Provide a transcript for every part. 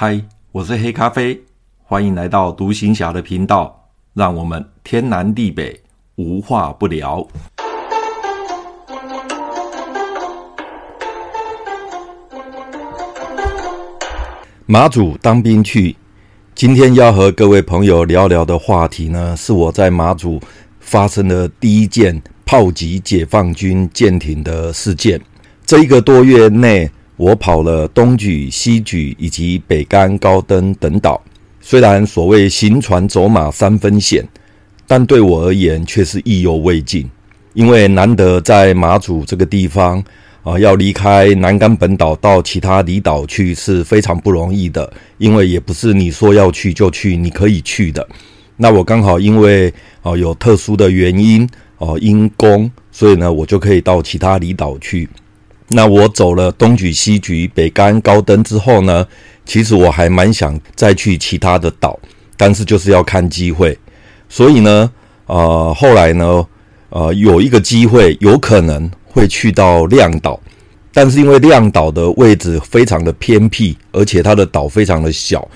嗨，Hi，我是黑咖啡，歡迎來到讀行俠的頻道，讓我們天南地北無話不聊。馬祖當兵趣，今天要和各位朋友聊聊的話題呢，是我在馬祖發生的第一件炮擊解放軍艦艇的事件。這一個多月內，我跑了東莒、西莒以及北竿、高登等島。雖然所謂行船走馬三分險，但對我而言卻是意猶未盡。因為難得在馬祖這個地方啊，要離開南竿本島到其他離島去是非常不容易的。因為也不是你說要去就去，你可以去的。那我剛好因為、啊、有特殊的原因啊，因公，所以呢，我就可以到其他離島去。那我走了東莒、西莒、北竿、高登之後呢，其實我還蠻想再去其他的島，但是就是要看機會。所以呢，呃，後來呢，呃，有一個機會有可能會去到亮島，但是因為亮島的位置非常的偏僻，而且它的島非常的小。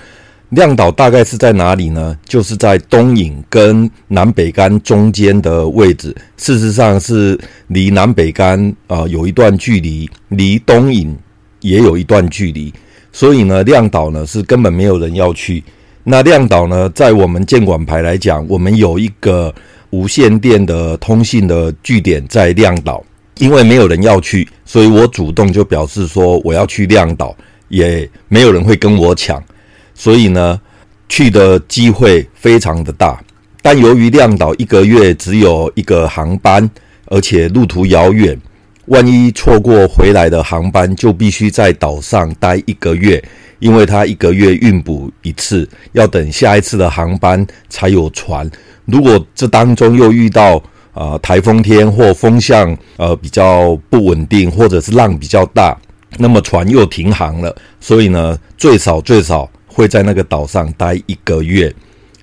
亮島大概是在哪裡呢？就是在東引跟南北竿中間的位置。事實上是離南北竿啊、呃、有一段距離，離東引也有一段距離。所以呢，亮島呢是根本沒有人要去。那亮島呢，在我們艦管排來講，我們有一個無線電的通信的據點在亮島。因為沒有人要去，所以我主動就表示說我要去亮島，也沒有人會跟我搶。所以呢，去的機會非常的大，但由於亮島一個月只有一個航班，而且路途遙遠，萬一錯過回來的航班，就必須在島上待一個月，因為它一個月運補一次，要等下一次的航班才有船。如果這當中又遇到啊颱風天或風向呃比較不穩定，或者是浪比較大，那麼船又停航了。所以呢，最少最少。會在那個島上待一個月，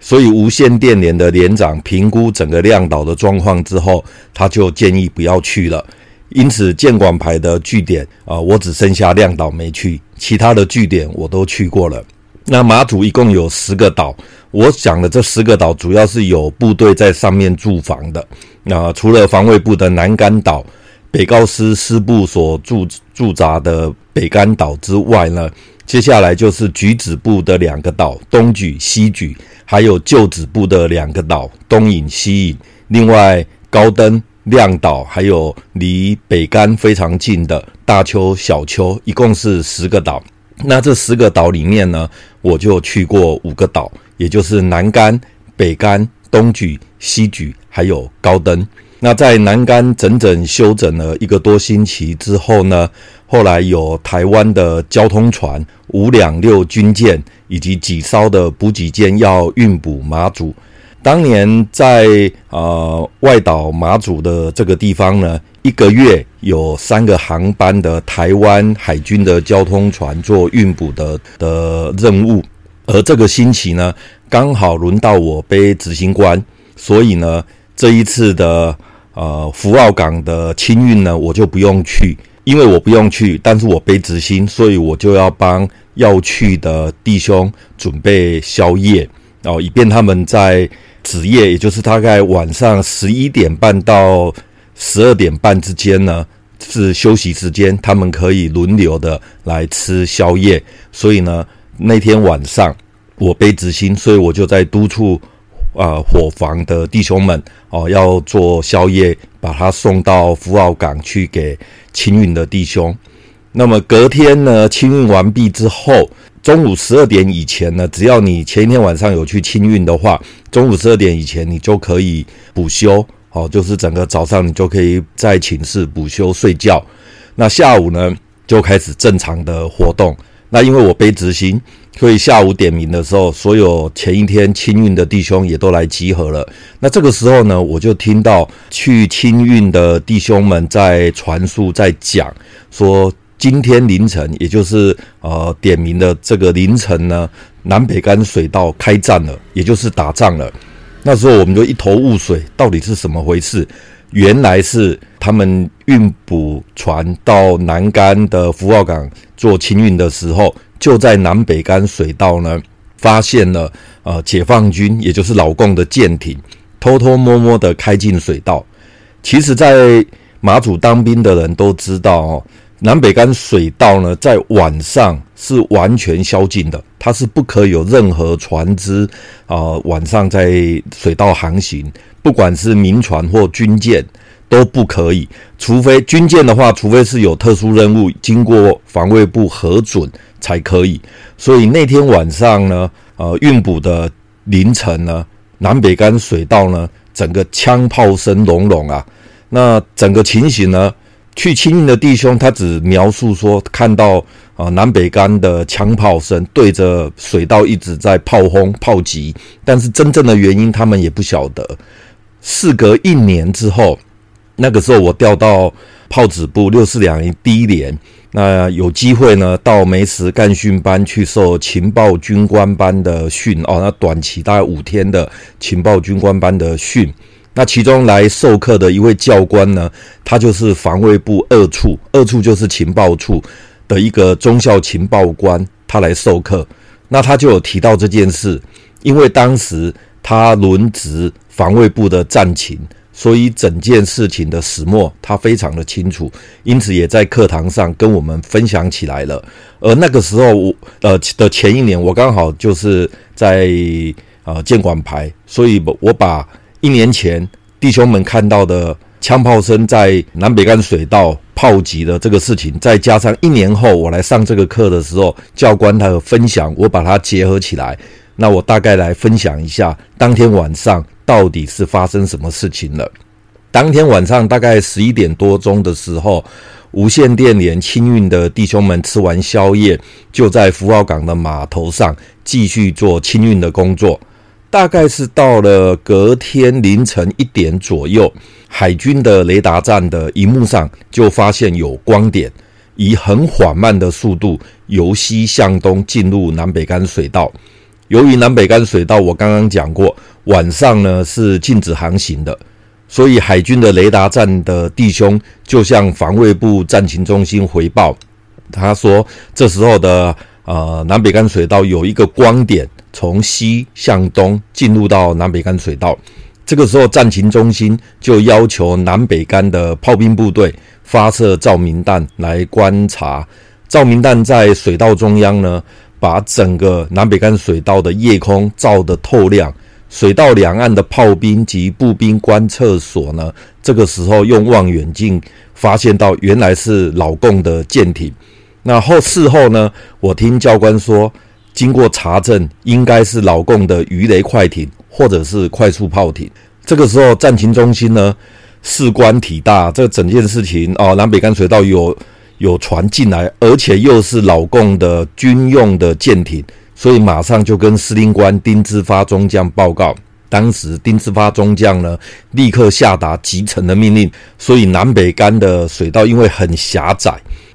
所以無線電連的連長評估整個亮島的狀況之後，他就建議不要去了。因此，艦管排的據點啊，我只剩下亮島沒去，其他的據點我都去過了。那馬祖一共有十個島，我講的這十個島主要是有部隊在上面駐防的。那除了防衛部的南竿島、北高師師部所駐駐紮的北竿島之外呢，接下來就是莒字部的兩個島，東莒西莒，還有舊字部的兩個島，東引西引。另外，高登亮島，還有離北竿非常近的大坵、小坵，一共是十個島。那這十個島裡面呢，我就去過五個島，也就是南竿、北竿、東莒西莒，還有高登。那在南竿整整休整了一個多星期之後呢，後來有台灣的交通船五兩六軍艦以及幾艘的補給艦要運補馬祖。當年在呃外島馬祖的這個地方呢，一個月有三個航班的台灣海軍的交通船做運補的的任務，而這個星期呢，剛好輪到我背執行官，所以呢，這一次的。呃，福澳港的清運呢，我就不用去，因為我不用去。但是我背值星，所以我就要幫要去的弟兄準備宵夜，然、呃、以便他們在子夜，也就是大概晚上十一點半到十二點半之間呢，是休息時間，他們可以輪流的來吃宵夜。所以呢，那天晚上我背值星，所以我就在督促。啊，呃，伙房的弟兄們哦，要做宵夜，把它送到福澳港去給清運的弟兄。那麼隔天呢，清運完畢之後，中午十二點以前呢，只要你前一天晚上有去清運的話，中午十二點以前你就可以補休，哦，就是整個早上你就可以在寢室補休睡覺。那下午呢，就開始正常的活動。那因為我被執行，所以下午點名的時候，所有前一天清運的弟兄也都來集合了。那這個時候呢，我就聽到去清運的弟兄們在傳述，在講說，今天凌晨，也就是呃點名的這個凌晨呢，南北竿水道開戰了，也就是打仗了。那時候我們就一頭霧水，到底是怎麼回事？原來是他們運補船到南竿的福澳港做清運的時候，就在南北竿水道呢，發現了呃解放軍，也就是老共的艦艇，偷偷摸摸的開進水道，其實，在馬祖當兵的人都知道哦，南北竿水道呢，在晚上是完全宵禁的。它是不可以有任何船隻啊，呃，晚上在水道航行，不管是民船或軍艦都不可以，除非軍艦的話，除非是有特殊任務，經過防衛部核准才可以。所以那天晚上呢，呃，運補的凌晨呢，南北竿水道呢，整個槍炮聲隆隆啊，那整個情形呢。去清運的弟兄，他只描述說看到啊南北竿的槍炮聲，對着水道一直在炮轟炮擊，但是真正的原因他們也不曉得。事隔一年之後，那個時候我調到炮指部六四兩營第一連，那有機會呢到梅石幹訓班去受情報軍官班的訓哦，那短期大概五天的情報軍官班的訓。那其中來授課的一位教官呢，他就是防衛部二處，二處就是情報處的一個中校情報官，他來授課。那他就有提到這件事，因為當時他輪值防衛部的戰情，所以整件事情的始末他非常的清楚，因此也在課堂上跟我們分享起來了。而那個時候我呃的前一年，我剛好就是在呃艦管排，所以我我把。一年前，弟兄們看到的槍炮聲在南北竿水道炮擊的這個事情，再加上一年後我來上這個課的時候，教官他有分享，我把它結合起來。那我大概來分享一下，當天晚上到底是發生什麼事情了？當天晚上大概十一點多鐘的時候，無線電連清運的弟兄們吃完宵夜，就在福澳港的碼頭上繼續做清運的工作。大概是到了隔天凌晨一點左右，海軍的雷達站的熒幕上就發現有光點，以很緩慢的速度由西向東進入南北竿水道。由於南北竿水道我剛剛講過，晚上呢是禁止航行的，所以海軍的雷達站的弟兄就向防衛部戰情中心回報，他說這時候的呃南北竿水道有一個光點。從西向東進入到南北干水道，這個時候戰情中心就要求南北干的炮兵部隊發射照明彈來觀察。照明彈在水道中央呢，把整個南北干水道的夜空照得透亮。水道兩岸的炮兵及步兵觀測所呢，這個時候用望遠鏡發現到原來是老共的艦艇。那後事後呢，我聽教官說。經過查證，應該是老共的魚雷快艇或者是快速炮艇。這個時候，戰情中心呢，事關體大，這整件事情哦，南北竿水道有有船進來，而且又是老共的軍用的艦艇，所以馬上就跟司令官丁志發中將報告。當時丁志發中將呢，立刻下達擊沉的命令。所以南北竿的水道因為很狹窄。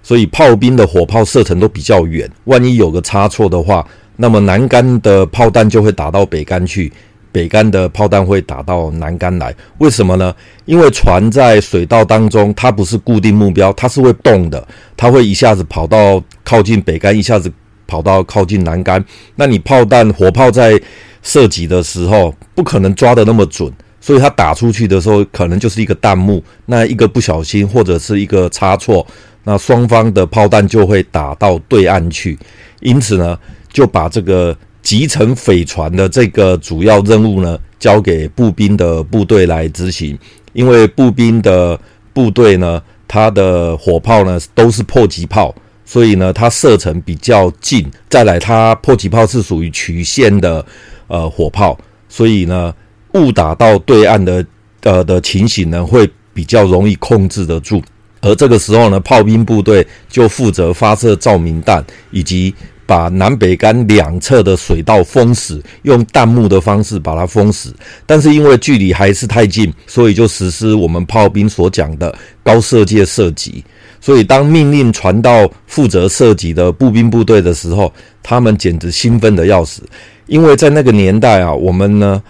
所以炮兵的火炮射程都比較遠，萬一有個差錯的話，那麼南竿的炮彈就會打到北竿去，北竿的炮彈會打到南竿來。為什麼呢？因為船在水道當中，它不是固定目標，它是會動的，它會一下子跑到靠近北竿，一下子跑到靠近南竿。那你炮彈火炮在射擊的時候，不可能抓得那麼準，所以它打出去的時候，可能就是一個彈幕。那一個不小心或者是一個差錯。那雙方的炮彈就會打到對岸去，因此呢，就把這個擊沉匪船的這個主要任務呢，交給步兵的部隊來執行。因為步兵的部隊呢，它的火炮呢都是迫擊炮，所以呢，它射程比較近，再來它迫擊炮是屬於曲線的呃火炮，所以呢，誤打到對岸的呃的情形呢，會比較容易控制得住。而這個時候呢，炮兵部隊就負責發射照明彈，以及把南北竿兩側的水道封死，用彈幕的方式把它封死。但是因為距離還是太近，所以就實施我們炮兵所講的高射界射擊。所以當命令傳到負責射擊的步兵部隊的時候，他們簡直興奮的要死，因為在那個年代啊，我們呢，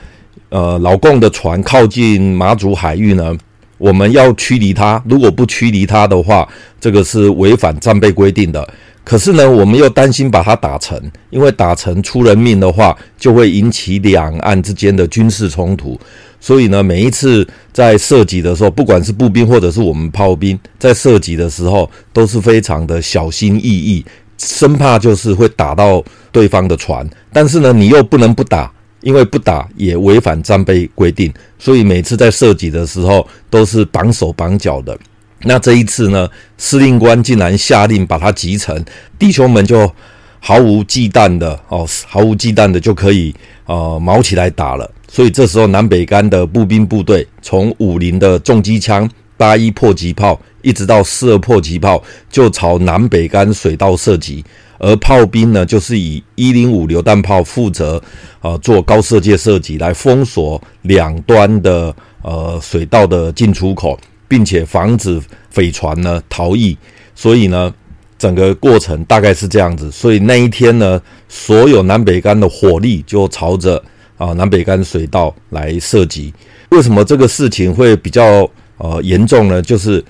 呃，老共的船靠近馬祖海域呢。我們要驅離他，如果不驅離他的話，這個是違反戰備規定的。可是呢，我們又擔心把他打沉，因為打沉出人命的話，就會引起兩岸之間的軍事衝突。所以呢，每一次在射擊的時候，不管是步兵或者是我們炮兵在射擊的時候，都是非常的小心翼翼，生怕就是會打到對方的船。但是呢，你又不能不打。因為不打也違反戰備規定，所以每次在射擊的時候都是綁手綁腳的。那這一次呢，司令官竟然下令把它擊沉，弟兄們就毫無忌憚的哦，毫無忌憚的就可以呃卯起來打了。所以這時候南北竿的步兵部隊，從五零的重機槍、八一迫擊炮，一直到四二迫擊炮，就朝南北竿水道射擊。而炮兵呢，就是以一零五榴彈炮負責，呃，做高射界射擊，來封鎖兩端的呃水道的進出口，並且防止匪船呢逃逸。所以呢，整個過程大概是這樣子。所以那一天呢，所有南北竿的火力就朝着啊、呃、南北竿水道來射擊。為什麼這個事情會比較呃嚴重呢？就是。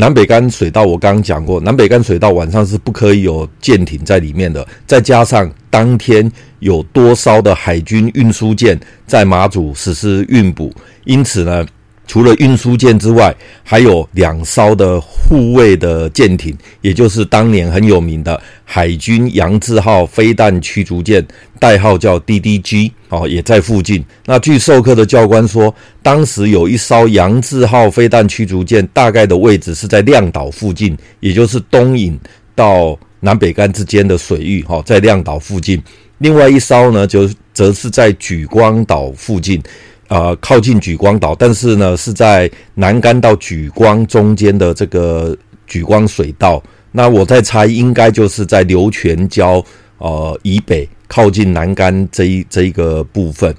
南北竿水道，我剛剛講過，南北竿水道晚上是不可以有艦艇在裡面的。再加上當天有多艘的海軍運輸艦在馬祖實施運補，因此呢。除了運輸艦之外，還有兩艘的護衛的艦艇，也就是當年很有名的海軍“陽字號”飛彈驅逐艦，代號叫 DDG，哦，也在附近。那據授課的教官說，當時有一艘“陽字號”飛彈驅逐艦，大概的位置是在亮島附近，也就是東引到南北竿之間的水域，哈、哦，在亮島附近。另外一艘呢，就則是在莒光島附近。呃，靠近莒光島，但是呢，是在南竿到莒光中間的這個莒光水道。那我在猜，應該就是在流泉礁呃以北，靠近南竿這一這一個部分。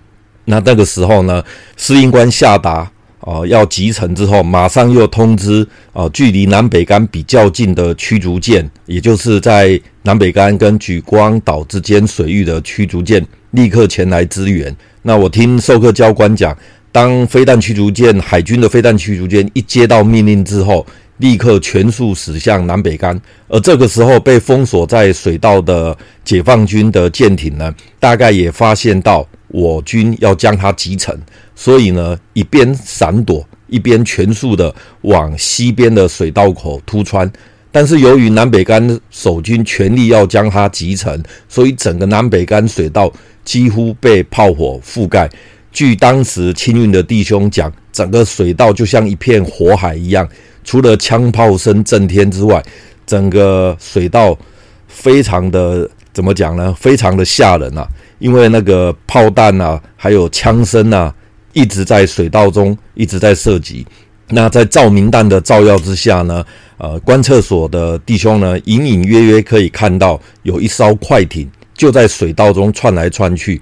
那那個時候呢，司令官下達啊、呃、要擊沉之後，馬上又通知啊、呃，距離南北竿比較近的驅逐艦，也就是在南北竿跟莒光島之間水域的驅逐艦。立刻前來支援。那我聽授課教官講，當飛彈驅逐艦海軍的飛彈驅逐艦一接到命令之後，立刻全速駛向南北竿，而這個時候被封鎖在水道的解放軍的艦艇呢，大概也發現到我軍要將它擊沉，所以呢，一邊閃躲，一邊全速的往西邊的水道口突穿。但是由於南北竿守軍全力要將它擊沉，所以整個南北竿水道幾乎被炮火覆蓋。據當時清運的弟兄講，整個水道就像一片火海一樣，除了槍炮聲震天之外，整個水道非常的怎麼講呢？非常的嚇人啊！因為那個炮彈啊，還有槍聲啊，一直在水道中一直在射擊。那在照明彈的照耀之下呢，呃，觀測所的弟兄呢，隱隱約約可以看到有一艘快艇就在水道中竄來竄去。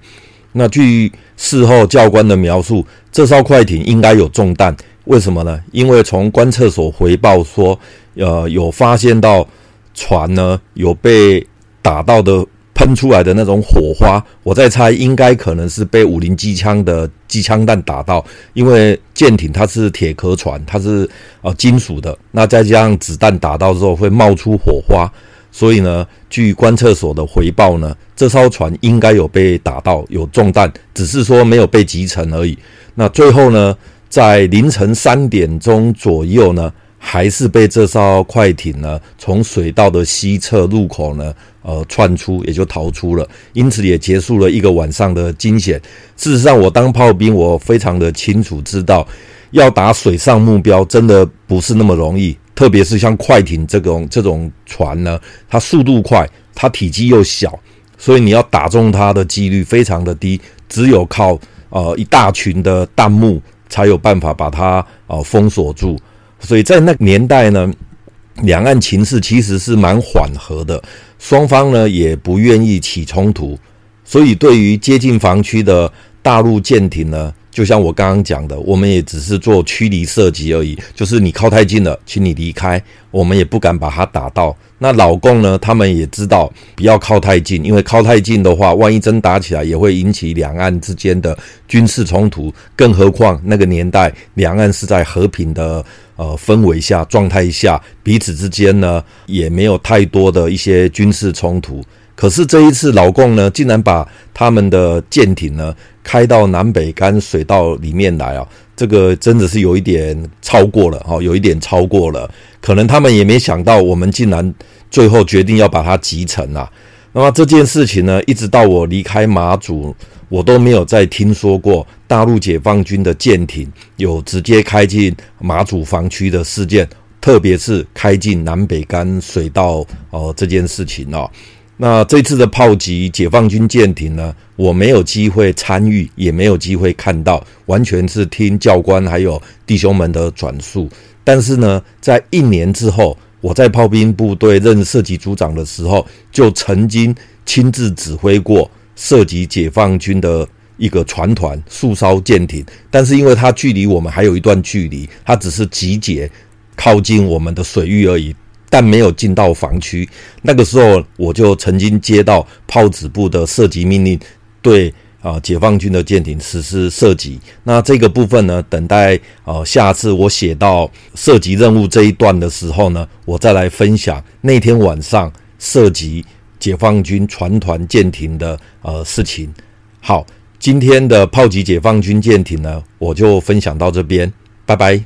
那據事後教官的描述，這艘快艇應該有中彈。為什麼呢？因為從觀測所回報說，呃，有發現到船呢，有被打到的。噴出來的那種火花，我在猜，應該可能是被五零機槍的機槍彈打到，因為艦艇它是鐵殼船，它是啊金屬的，那再加上子彈打到之後會冒出火花，所以呢，據觀測所的回報呢，這艘船應該有被打到，有中彈，只是說沒有被擊沉而已。那最後呢，在凌晨三點鐘左右呢。還是被這艘快艇呢，從水道的西側入口呢，呃，竄出，也就逃出了，因此也結束了一個晚上的驚險。事實上，我當炮兵，我非常的清楚知道，要打水上目標真的不是那麼容易，特別是像快艇這種這種船呢，它速度快，它體積又小，所以你要打中它的幾率非常的低，只有靠呃一大群的彈幕才有辦法把它呃封鎖住。所以在那個年代呢，兩岸情勢其實是蠻緩和的，雙方呢也不願意起衝突，所以對於接近防區的大陸艦艇呢，就像我剛剛講的，我們也只是做驅離射擊而已。就是你靠太近了，請你離開。我們也不敢把它打到。那老共呢？他們也知道不要靠太近，因為靠太近的話，萬一真打起來，也會引起兩岸之間的軍事衝突。更何況那個年代，兩岸是在和平的呃氛圍下、狀態下，彼此之間呢也沒有太多的一些軍事衝突。可是這一次，老共呢，竟然把他們的艦艇呢開到南北竿水道裡面來啊、哦！這個真的是有一點超過了啊、哦，有一點超過了。可能他們也沒想到，我們竟然最後決定要把它擊沉了。那麼這件事情呢，一直到我離開馬祖，我都沒有再聽說過大陸解放軍的艦艇有直接開進馬祖防區的事件，特別是開進南北竿水道哦這件事情啊、哦。那這次的炮擊解放軍艦艇呢，我沒有機會參與，也沒有機會看到，完全是聽教官還有弟兄們的轉述。但是呢，在一年之後，我在炮兵部隊任射擊組長的時候，就曾經親自指揮過射擊解放軍的一個船團、數艘艦艇。但是因為它距離我們還有一段距離，它只是集結靠近我們的水域而已。但沒有進到防區，那個時候我就曾經接到炮指部的射擊命令，對啊、呃、解放軍的艦艇實施射擊。那這個部分呢，等待呃下次我寫到射擊任務這一段的時候呢，我再來分享那天晚上射擊解放軍船團艦艇的呃事情。好，今天的炮擊解放軍艦艇呢，我就分享到這邊，拜拜。